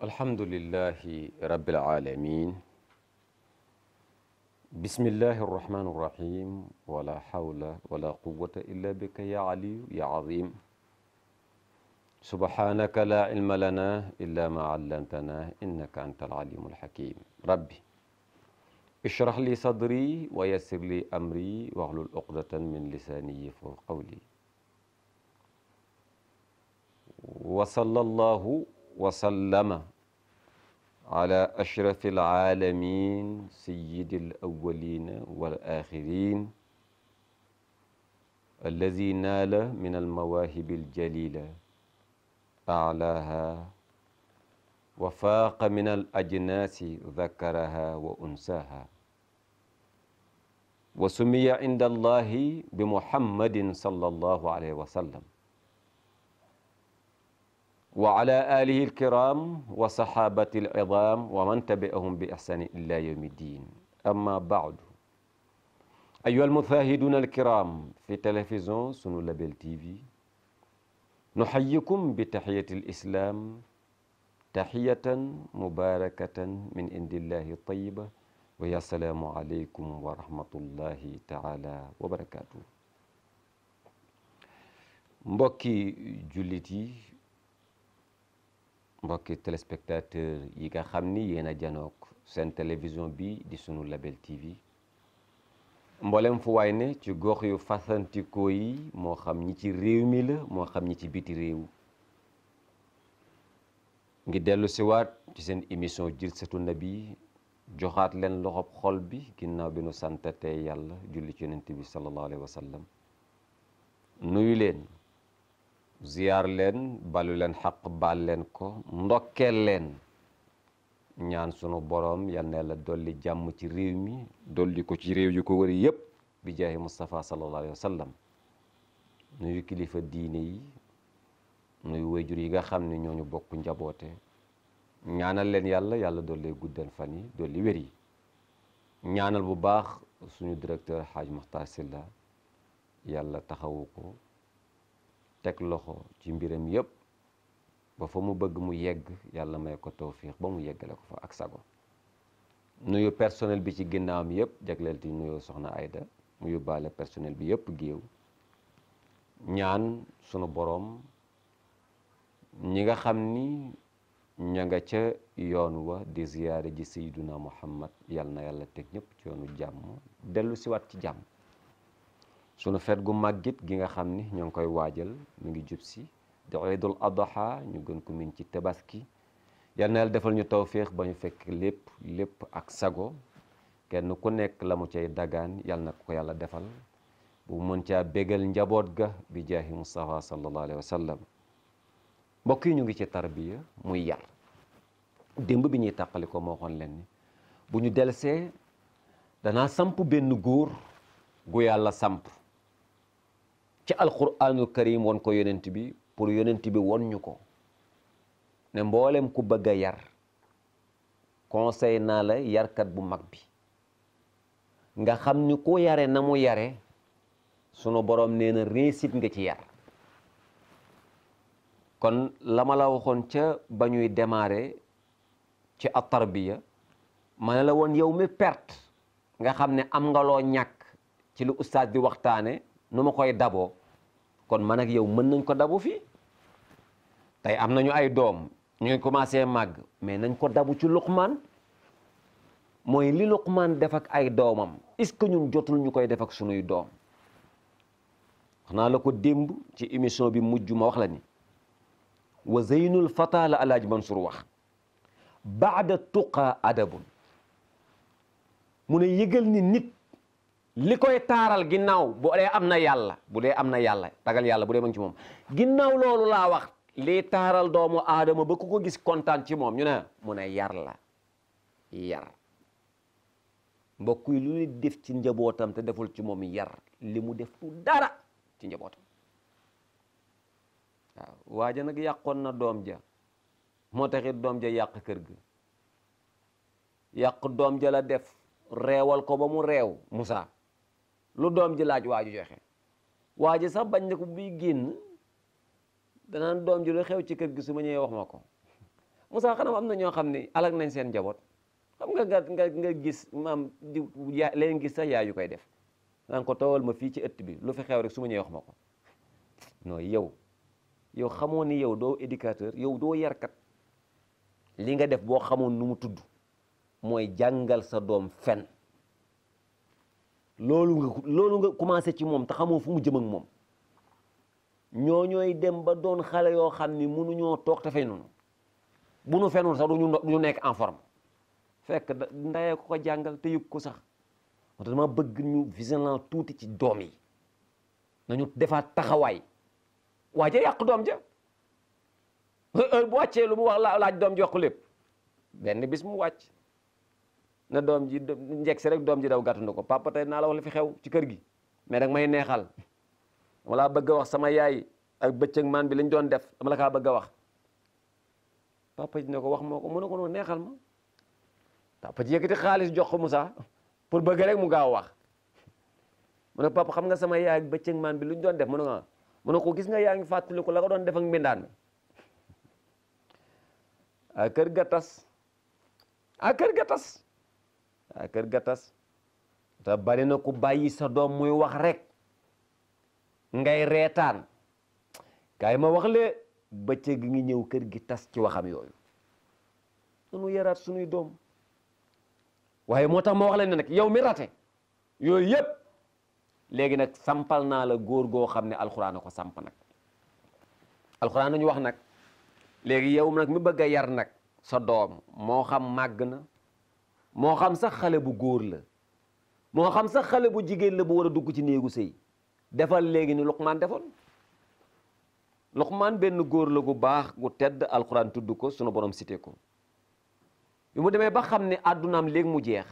alhamdulillahi rabbil alamin bismillahi arrahmani arrahim wala hawla wala quwwata illa bika ya aliyu ya azim subhanaka la ilma lana illa ma allamtana innaka anta alalimu alhakim rabbi ishrah li sadri wa yassir li amri wahlul uqdatan min lisani yafqahu qawli wa sallallahu wasallama ala ashrafi alaalamin sayidi alawalina walaaxirin allazi naala min almawaahibi aljalila alaaha wa faaqa min alajnaasi dakaraha wa unsaaha wa sumiya inda allahi bi muhammadin sallallahu alayhi wa sallam wa ala alihi alkiram wa sahabati alidam wa man tabi'ahum bi ihsani ila yawmi ddin amma baadu ayuha almuthahiduna alkiram fi télévision sunu label tv nuxayikum bi taxiyati alislam taxiyatan mubarakatan min indillahi tayiba wa ya salaamu aleykum wa rahmatullahi taala wa barakatuh mbokki jullit yi mbokki téléspectateur yi nga xam ni yéen a janook seen télévision bi di sunu label TV mboolem fu waay ne ci gox yu fasantikoo yi moo xam ñi ci réew mi la moo xam ñi ci biti réew ngi dellu siwaat ci seen émission jilsatu bi joxaat leen loxob xol bi ginnaaw bi nu santatee yàlla julli ci yonent bi sallallahu alayhi wa sallam nuyu leen ziyaar leen balu leen xaq leen ko ndokkeel leen ñaan sunu borom yal na dolli jàmm ci réew mi dolli ko ci réew yu ko wëri yépp bi jaahi Mustafa sallallahu alayhi wa nuyu kilifa diine yi nuyu wayjur yi nga xam ne ñooñu bokk njaboote ñaanal leen yàlla yàlla dolli guddal fan yi dolli wér yi ñaanal bu baax sunu directeur Hadj Makhtar Sylla yàlla taxawu ko teg loxo ci mbiram yëpp ba fa mu bëgg mu yegg yàlla may ko tawfiix ba mu yeggale ko fa ak sago nuyu personnel bi ci ginnaawam yëpp jagleel ti nuyoo soxna Ayda mu yóbbaale personnel bi yëpp géew ñaan sunu boroom ñi nga xam ni ña nga ca yoon wa di ziyaare ji sayyiduna muhammad yal na yàlla teg ñëpp ci yoonu jàmm dellu siwaat ci jàmm sunu fet gu màggit gi nga xam ni ñoo ngi koy waajal mu ngi jub si di iidul adha ñu gën ko min ci tabaski yal na defal ñu tawféex ba ñu fekk lépp lépp ak sago kenn ku nekk la mu cay dagaan yal na ko yàlla defal bu mën caa bégal njaboot ga bi jaahi Mustafa sallallahu alayhi wa sallam mbokk yi ñu ngi ci tarbiya muy yar démb bi ñuy tàqali ko moo xoon ni bu ñu delsee danaa samp benn góor gu yàlla samp ci alquranul karim won ko yonent bi pour yonent bi won ñu ko ne mboolem ku bëgg a yar conseil naa la yarkat bu mag bi nga xam ni ku yare na mu yare sunu borom nee na réussite nga ci yar kon la ma la waxoon ca ba ñuy démarrer ci at-tarbiya ma ne la woon yow mi perte nga xam ne am nga loo ñàkk ci lu ustaas bi waxtaane nu ma koy daboo kon man ak yow mën nañ ko dabu fii tey am nañu ay doom ñu ngi commencé màgg mais nañ ko dabu ci luqmaan mooy li luqmaan def ak ay doomam est-ce que ñun jotul ñu koy def ak sunuy doom wax naa la ko démb ci émission bi mujj ma wax la ni wa zeynul fata la alaaj Mansour wax baada tuqa adabun mu ne yëgal ni nit li koy taaral ginnaaw bu am na yàlla bu dee am na yàlla tagal yàlla bu de ma ngi ci moom ginnaaw loolu laa wax lii taaral doomu aadama ba ku ko gis kontaan ci moom ñu ne mu ne yar yar mbokk yi lu nit def ci njabootam te deful ci moom yar li mu def du dara ci njabootam waaw waaja nag yàqoon na doom ja moo taxit doom ja yàq kër ga yàq doom ja la def reewal ko ba mu reew Moussa lu doom ji laaj waa ji joxe waa ji sax bañ ne ko buy génn danaan doom ji lu xew ci kër gi su ma ñëwee wax ma ko Moussa xanaa am na ñoo xam ne alag nañ seen njaboot xam nga nga nga gis maam di ya leen gis sax yaay yu koy def naan ko towal ma fii ci ëtt bi lu fi xew rek su ma ñëwee wax ma ko non yow yow xamoo ni yow doo éducateur yow doo yarkat li nga def boo xamoon nu mu tudd mooy jàngal sa doom fen loolu nga loolu nga commencé ci moom te xamoo fu mu jëm moom ñoo ñooy dem ba doon xale yoo xam ni mënuñoo toog te fay noonu bu nu fenul sax duñu duñu nekk en forme fekk ndayee ko ko jàngal te yëg ko sax moo tax dama bëgg ñu vigilant tuuti ci doom yi nañu defaat taxawaay waa ja yàq doom ja heure bu wàccee lu mu wax laaj doom ji wax ko lépp benn bis mu wàcc na doom ji njëkk rek doom ji daw gàttandu ko papa tey naa li fi xew ci kër gi mais nag may neexal dama laa bëgg a wax sama yaay ak bëccëg maan bi lañ doon def dama la kaa bëgg a wax papa ji ko wax moo ko ne ko neexal ma papa xaalis jox ko Moussa pour bëgg rek mu gaaw wax mu ne papa xam nga sama yaay ak bëccëg maan bi luñ doon def mu ne ko ah. mu gis nga yaa ngi fàttaliku la ko doon def ak mbindaan mi ah, kër ga tas ah, kër ga tas waa ah, kër ga tas bari na ku bàyyi sa doom muy wax rek ngay reetaan kaay ma wax le bëccëg ngi ñëw kër gi tas ci waxam yooyu sunu yaraat sunuy doom waaye moo tax ma wax leen ne nag yow mi rate yooyu yëpp léegi nag sampal naa la góor goo xam ne alxuraan a ko samp nag alxuraan nañu wax nag léegi yow nag mi bëgg a yar nag sa doom moo xam màgg na moo xam sax xale bu góor la moo xam sax xale bu jigéen la bu war a dugg ci néegu sëy defal léegi ni Luqmaan defoon maan benn góor la gu baax gu tedd alxuraan tudd ko sunu borom sitee ko bi mu demee ba xam ne àddunaam léegi mu jeex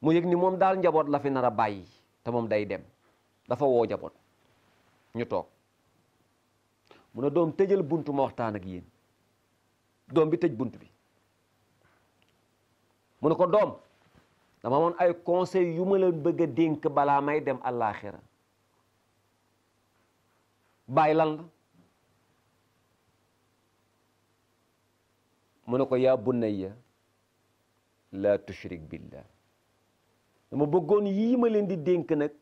mu yëg ni moom daal njaboot la fi nar a bàyyi te moom day dem dafa woo njaboot ñu toog mu ne doom tëjal bunt ma waxtaan ak yéen doom bi tëj bunt bi mu ne ko doom dama amoon ay conseil yu ma leen bëgg dénk balaa may dem àllaaxira baay lan la mu ne ko yaa bunayya laa tushrik billah dama bëggoon yii ma leen di dénk nag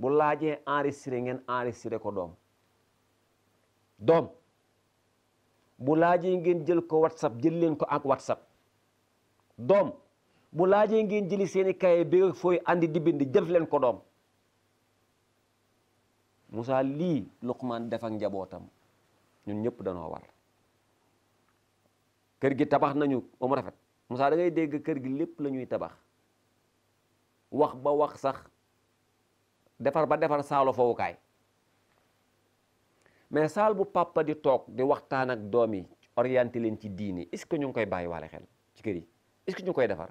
bu laajee enregistré ngeen enregistré ko doom doom bu laajee ngeen jël ko whatsapp jël leen ko ak whatsapp doom bu laajee ngeen jëli seeni kaye bi fooy andi di bind jëf leen ko doom Moussa lii Luqmaan def ak njabootam ñun ñëpp danoo war kër gi tabax nañu ba mu rafet Moussa da ngay dégg kër gi lépp la ñuy tabax wax ba wax sax defar ba defar saalo fowukaay mais saal bu papa di toog di waxtaan ak doom yi oriante leen ci diini est-ce que ñu ngi koy bàyyi waale xel ci kër yi est-ce que ñu koy defar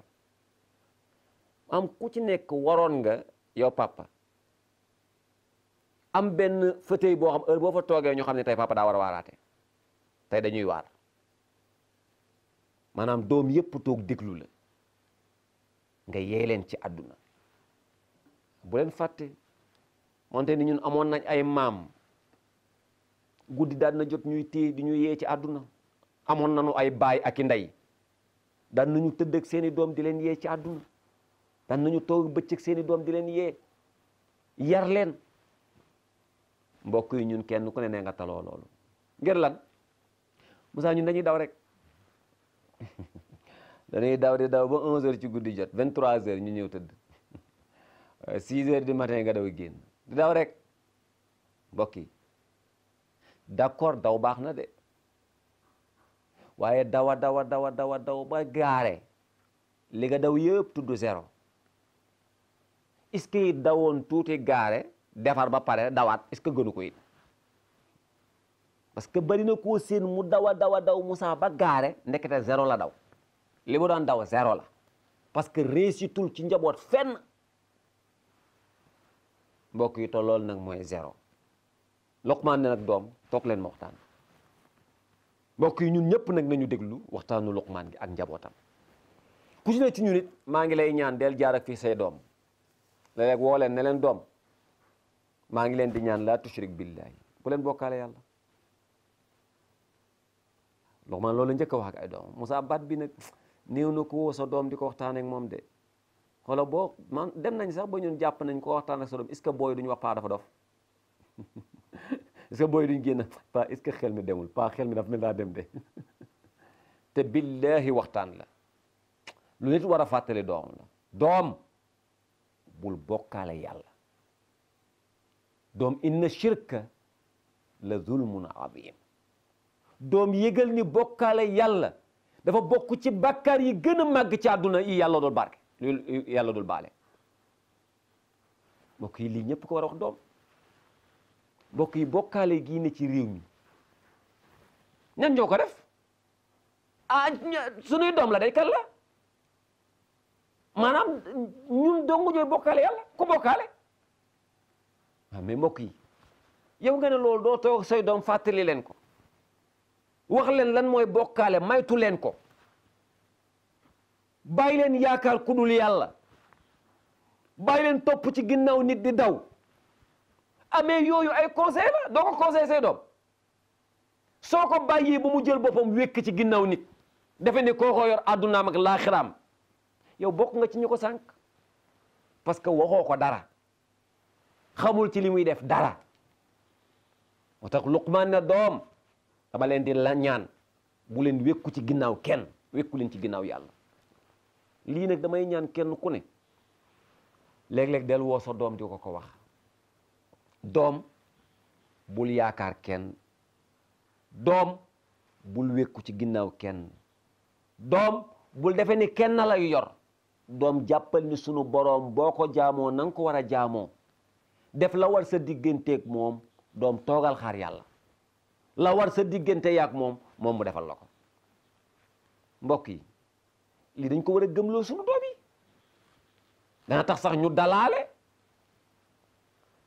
am ku ci nekk waroon nga yow papa am benn fauteuil boo xam heure boo fa toogee ñu xam ne tey papa daa war a tey dañuy waar maanaam doom yépp toog diglu la nga yee leen ci àdduna bu leen fàtte moonte ni ñun amoon nañ ay maam guddi daal na jot ñuy téye di ñu yee ci àdduna amoon nañu ay baay ak i ndey daan nañu tëdd ak seeni doom di leen yee ci àdduna daan nañu toog bëccëg seeni doom di leen yee yar leen mbokk yi ñun kenn ku ne nee nga taloo loolu ngir lan Moussa ñun dañuy daw rek dañuy daw di daw ba 11h ci guddi jot 23h ñu ñëw tëdd 6h du matin nga daw génn di daw rek mbokk yi d'accord daw baax na de. waaye dawa dawa dawa dawa daw ba gaare li nga daw yëpp tudd zéro est-ce que it dawoon tuuti gaare defar ba pare dawaat est-ce que gënu ko parce que bari na koo seen mu dawa dawa daw Moussa ba gaare ndekete zéro la daw li mu daan daw zéro la parce que réussitul ci njaboot fenn mbokk yi te nag mooy zéro Luqmaan ne nag doom toog leen ma waxtaan mbokk yi ñun ñëpp nag nañu déglu waxtaanu Luqmaan gi ak njabootam ku ci ci ñun maa ngi lay ñaan del jaar ak say doom léeg-léeg woo leen doom maa ngi leen di ñaan laa tushrik billahi bu leen bokkaale yàlla Luqmaan loolu njëkk a wax ak ay doom Musaa baat bi nag néew nu ko woo sa doom di ko waxtaan ak moom de xoolal boo man dem nañu sax ba ñun jàpp nañ ko waxtaan ak sa doom est-ce que booy duñu wax paa dafa dof est-ce que booy duñ génn pa xel mi demul paa xel mi dafa mel daa dem de te billahi waxtaan la lu nit war a fàttali doom la doom bul bokkaale yàlla doom inna shirka la zulmun azim doom yëgal ni bokkaale yàlla dafa bokk ci bàkkaar yi gën a màgg ci àdduna yi yàlla dul baale mbokk yi lii ñëpp ko wara a wax doom mbokk yi bokkaale gii ne ci réew mi ñan ñoo ko def ah sunuy doom la day kan la maanaam ñun dong ñooy bokkaale yàlla ku bokkaale waaw ah, mais mbokk yi yow nga ne loolu doo toog say doom fàttali leen ko wax leen lan mooy bokkaale maytu leen ko bàyyi leen yaakaar ku dul yàlla bàyyi leen topp ci ginnaaw nit di daw amee yooyu ay conseil la doo ko conseil say doom soo ko bàyyee ba mu jël boppam wekk ci ginnaaw nit defe ne kookoo yor àddunaam ak laaxiraam yow bokk nga ci ñu ko sànq parce que waxoo ko dara xamul ci li muy def dara moo tax Luqmaan ne doom dama leen di la ñaan bu leen wékku ci ginnaaw kenn wekku leen ci ginnaaw yàlla lii nag damay ñaan kenn ku ne léeg-léeg del woo sa doom di ko ko wax doom bul yaakaar kenn doom bul wékku ci ginnaaw kenn doom bul defe ni kenn la yu yor doom jàppal ni sunu boroom boo ko jaamoo na ko war a jaamoo def la war sa digganteeg moom doom toogal xaar yàlla la war sa diggante yaak moom moom mu defal la ko mbokk yi lii dañ ko war a gëmloo sunu doom dana tax sax ñu dalaale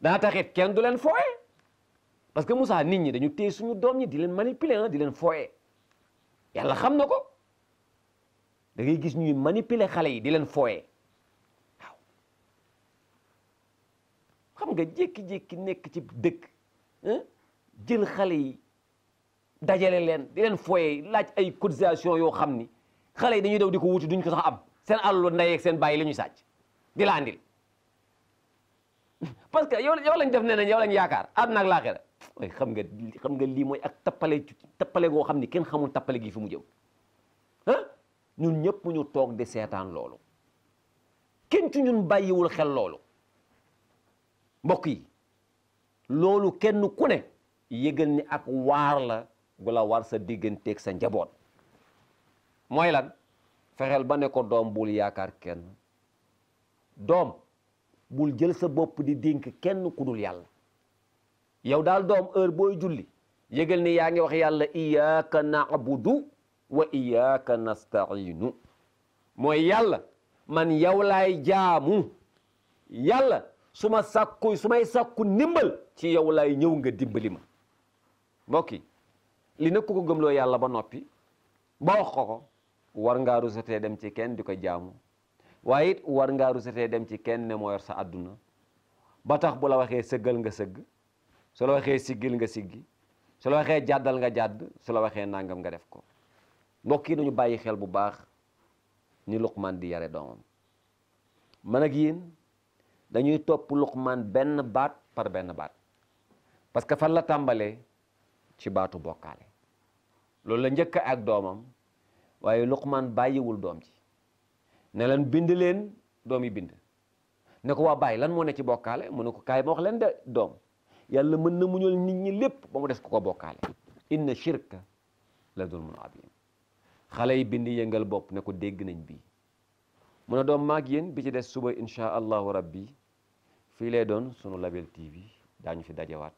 dana taxit kenn du leen fooye parce que Moussa nit ñi dañu téye suñu doom ñi di leen manipuler ah, di leen fooye yàlla xam na ko da ngay gis ñuy manipuler xale yi di leen fooye waaw xam nga jékki-jékki nekk ci dëkk jël xale yi dajale leen di leen fooye laaj ay cotisation yoo xam ni xale yi dañuy daw di ko wuti duñ ko sax am seen àllu ndey ak seen bàyyi la ñuy sàcc di la andil parce que yow yow lañ def ne nañ yaakaar lañ yaakaar àdduna ak laaxira way xam nga xam nga lii mooy ak tappale tappale goo xam ni kenn xamul tappale gi fi mu jëm ñun ñëpp ñu toog di seetaan loolu kenn ci ñun bàyyiwul xel loolu mbokk yi loolu kenn ku ne yëgal ni ak waar la gu la war sa digganteek sa njaboot mooy lan fexeel ba ne ko doom bul yaakaar kenn doom bul jël sa bopp di dénk kenn ku dul yàlla yow daal doom heure booy julli yëgal ni yaa ngi wax yàlla iyyaka na'budu wa iyyaka nasta'inu mooy yàlla man yow laay jaamu yàlla su ma sàkku su may sàkku ndimbal ci yow laay ñëw nga dimbali ma mbokk li nag ko gëmloo yàlla ba noppi ba wax ko ko war ngaa rusatee dem ci kenn di ko jaamu waaye it war ngaa rusatee dem ci kenn ne moo yor sa àdduna ba tax bu la waxee sëggal nga sëgg su la waxee siggil nga siggi su la waxee jàddal nga jàdd su la waxee nangam nga def ko mbokk yi nañu bàyyi xel bu baax ni Luqman di yare doomam man ak yéen dañuy topp Luqman benn baat par benn baat parce que fan la tàmbalee ci baatu bokkaale loolu la njëkk ak doomam waaye Luqman bàyyiwul doom ji ne leen bind leen doom yi bind ne ko waa bàyyi lan moo ne ci bokkaale mu ne ko kaay ma wax leen de doom yàlla mën na muñal nit ñi lépp ba mu des ko ko bokkaale inna shirka la zulmun azim xale yi bind yëngal bopp ne ko dégg nañ bii mu ne doom maag yéen bi ci des suba insha allahu rabbi fii lay doon sunu Label TV daañu fi dajewaat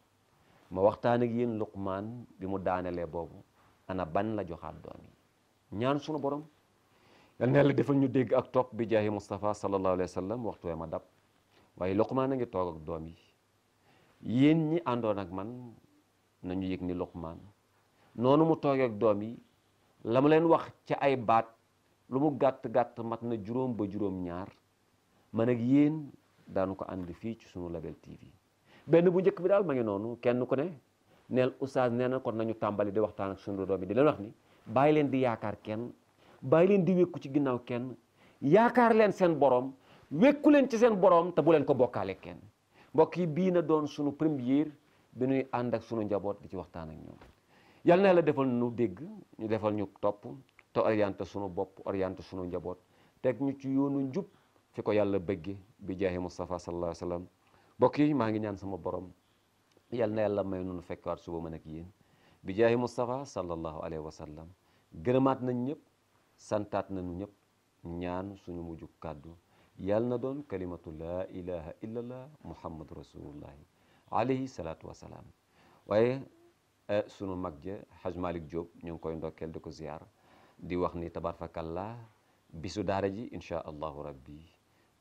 ma waxtaan ak yéen bi mu daanelee boobu ana ban la joxaat doom ñaan sunu borom yal na yàlla defal ñu dégg ak topp bi jaahi Moustapha sallallahu alayhi wa sallam waxtu ma dab waaye Luqmaan a ngi toog ak doom yi yéen ñi àndoon ak man nañu yëg ni Luqmaan noonu mu toogee ak doom yi la mu leen wax ci ay baat lu mu gàtt-gàtt mat na juróom ba juróom-ñaar man ak yéen daanu ko ànd fii ci sunu Label TV benn bu jëkk bi daal ma ngi noonu kenn ku ne neel oustaz nee na kon nañu tàmbali di waxtaan ak sunu doom yi di leen wax ni bàyyi leen di yaakaar kenn bàyyi leen di wékku ci ginnaaw kenn yaakaar leen seen borom wékku leen ci seen borom te bu leen ko bokkaale kenn mbokk yi bii na doon sunu première bi nuy ànd ak sunu njaboot di ci waxtaan ak ñoom yal na yàlla defal nu dégg ñu defal ñu topp te orienté sunu bopp orienté sunu njaboot teg ñu ci yoonu njub fi ko yàlla bëgge bi jaahi Mustafa sallallahu alayhi wa mbokk yi maa ngi ñaan sama borom yal na yàlla may nu nunu fekkaat suba mën ak yéen bi jaahi Mustafa sallallahu alayhi wa sallam gërëmaat nañ ñëpp santaat nañu ñëpp ñaan suñu mujj kàddu yàlla na doon kalimatu laa ilaha illallah muhammadu rasulullahi alayhi salaatu wasalaam waaye eh, sunu mag ja Haj Malick Diop ñu ngi koy ndokkeel di ko ziyaar di wax ni bi su daara ji inchaa allahu rabbi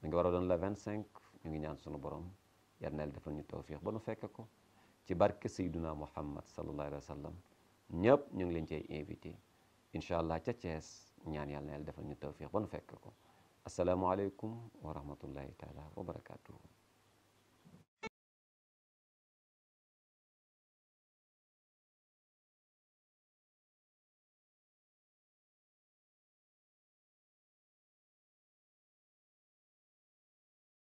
mi ngi war doon la 25 ñu ngi ñaan sunu borom yal na defal ñu tawfiix ba nu fekk ko ci barke sayduna muhammad sallallahu alayhi wa sallam ñëpp ñu ngi leen cay invité incha allah ca Thiès ñaan yàlla na yàlla defal ñu tawfiix ba nu fekk ko asalaamualeykum wa rahmatullahi taala wa barakaatuhu